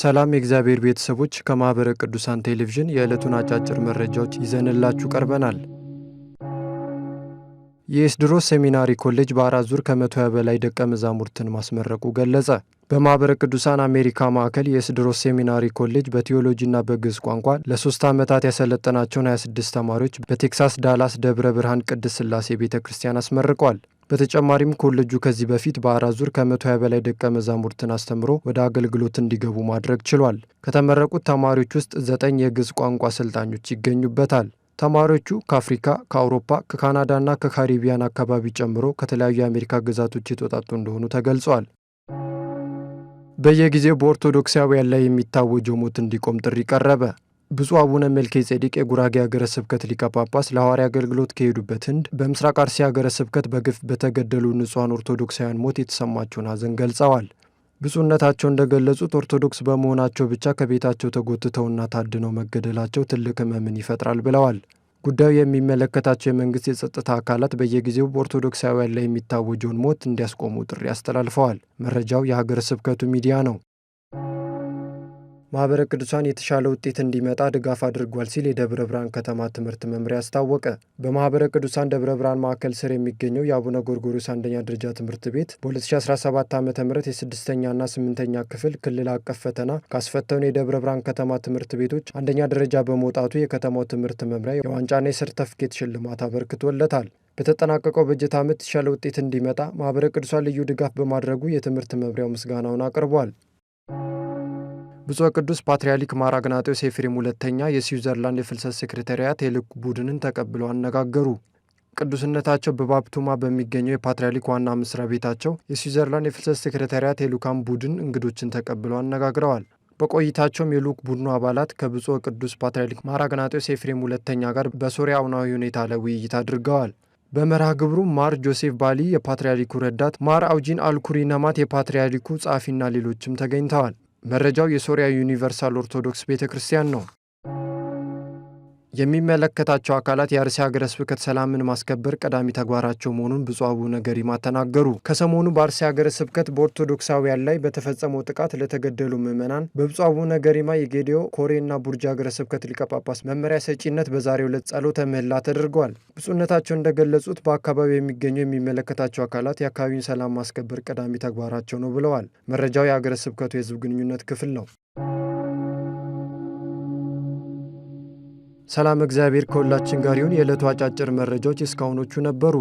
ሰላም የእግዚአብሔር ቤተሰቦች፣ ከማኅበረ ቅዱሳን ቴሌቪዥን የዕለቱን አጫጭር መረጃዎች ይዘንላችሁ ቀርበናል። የኤስድሮስ ሴሚናሪ ኮሌጅ በአራት ዙር ከመቶ በላይ ደቀ መዛሙርትን ማስመረቁ ገለጸ። በማኅበረ ቅዱሳን አሜሪካ ማዕከል የኤስድሮስ ሴሚናሪ ኮሌጅ በቴዎሎጂና በግዕዝ ቋንቋ ለሶስት ዓመታት ያሰለጠናቸውን 26 ተማሪዎች በቴክሳስ ዳላስ ደብረ ብርሃን ቅድስት ሥላሴ ቤተ ክርስቲያን አስመርቋል። በተጨማሪም ኮሌጁ ከዚህ በፊት በአራት ዙር ከመቶ ሀያ በላይ ደቀ መዛሙርትን አስተምሮ ወደ አገልግሎት እንዲገቡ ማድረግ ችሏል። ከተመረቁት ተማሪዎች ውስጥ ዘጠኝ የግዕዝ ቋንቋ አሰልጣኞች ይገኙበታል። ተማሪዎቹ ከአፍሪካ፣ ከአውሮፓ፣ ከካናዳና ከካሪቢያን አካባቢ ጨምሮ ከተለያዩ የአሜሪካ ግዛቶች የተወጣጡ እንደሆኑ ተገልጿል። በየጊዜው በኦርቶዶክሳውያን ላይ የሚታወጀው ሞት እንዲቆም ጥሪ ቀረበ። ብፁዕ አቡነ መልኬ ጼዴቅ የጉራጌ ሀገረ ስብከት ሊቀ ጳጳስ ለሐዋርያ አገልግሎት ከሄዱበት ህንድ በምስራቅ አርሲ ሀገረ ስብከት በግፍ በተገደሉ ንጹሐን ኦርቶዶክሳውያን ሞት የተሰማቸውን አዘን ገልጸዋል። ብፁዕነታቸው እንደገለጹት ኦርቶዶክስ በመሆናቸው ብቻ ከቤታቸው ተጎትተውና ታድነው መገደላቸው ትልቅ ህመምን ይፈጥራል ብለዋል። ጉዳዩ የሚመለከታቸው የመንግስት የጸጥታ አካላት በየጊዜው በኦርቶዶክሳውያን ላይ የሚታወጀውን ሞት እንዲያስቆሙ ጥሪ አስተላልፈዋል። መረጃው የሀገረ ስብከቱ ሚዲያ ነው። ማኅበረ ቅዱሳን የተሻለ ውጤት እንዲመጣ ድጋፍ አድርጓል ሲል የደብረ ብርሃን ከተማ ትምህርት መምሪያ አስታወቀ። በማኅበረ ቅዱሳን ደብረ ብርሃን ማዕከል ስር የሚገኘው የአቡነ ጎርጎሪዮስ አንደኛ ደረጃ ትምህርት ቤት በ2017 ዓ ም የስድስተኛና ስምንተኛ ክፍል ክልል አቀፍ ፈተና ካስፈተኑ የደብረ ብርሃን ከተማ ትምህርት ቤቶች አንደኛ ደረጃ በመውጣቱ የከተማው ትምህርት መምሪያ የዋንጫና የሰርተፍኬት ሽልማት አበርክቶለታል። በተጠናቀቀው በጀት ዓመት የተሻለ ውጤት እንዲመጣ ማኅበረ ቅዱሳን ልዩ ድጋፍ በማድረጉ የትምህርት መምሪያው ምስጋናውን አቅርቧል። ብፁዕ ቅዱስ ፓትርያርክ ማር አግናጤዎስ ኤፍሬም ሁለተኛ የስዊዘርላንድ የፍልሰት ሴክሬታሪያት የልዑክ ቡድንን ተቀብለው አነጋገሩ። ቅዱስነታቸው በባብቱማ በሚገኘው የፓትርያርክ ዋና መስሪያ ቤታቸው የስዊዘርላንድ የፍልሰት ሴክሬታሪያት የልዑካን ቡድን እንግዶችን ተቀብለው አነጋግረዋል። በቆይታቸውም የልዑክ ቡድኑ አባላት ከብፁዕ ቅዱስ ፓትርያርክ ማር አግናጤዎስ ኤፍሬም ሁለተኛ ጋር በሶሪያ አሁናዊ ሁኔታ ላይ ውይይት አድርገዋል። በመርሃ ግብሩ ማር ጆሴፍ ባሊ የፓትርያርኩ ረዳት፣ ማር አውጂን አልኩሪ ነማት የፓትርያርኩ ጸሐፊና ሌሎችም ተገኝተዋል። መረጃው የሶሪያ ዩኒቨርሳል ኦርቶዶክስ ቤተ ክርስቲያን ነው። የሚመለከታቸው አካላት የአርሲ ሀገረ ስብከት ሰላምን ማስከበር ቀዳሚ ተግባራቸው መሆኑን ብፁዕ አቡነ ገሪማ ተናገሩ። ከሰሞኑ በአርሲ ሀገረ ስብከት በኦርቶዶክሳውያን ላይ በተፈጸመው ጥቃት ለተገደሉ ምዕመናን በብፁዕ አቡነ ገሪማ የጌዲዮ ኮሬና ቡርጂ ሀገረ ስብከት ሊቀ ጳጳስ መመሪያ ሰጪነት በዛሬው ዕለት ጸሎተ ምህላ ተደርገዋል። ብፁዕነታቸው እንደገለጹት በአካባቢው የሚገኙ የሚመለከታቸው አካላት የአካባቢውን ሰላም ማስከበር ቀዳሚ ተግባራቸው ነው ብለዋል። መረጃው የሀገረ ስብከቱ የህዝብ ግንኙነት ክፍል ነው። ሰላም እግዚአብሔር ከሁላችን ጋር ይሁን። የዕለቱ አጫጭር መረጃዎች እስካሁኖቹ ነበሩ።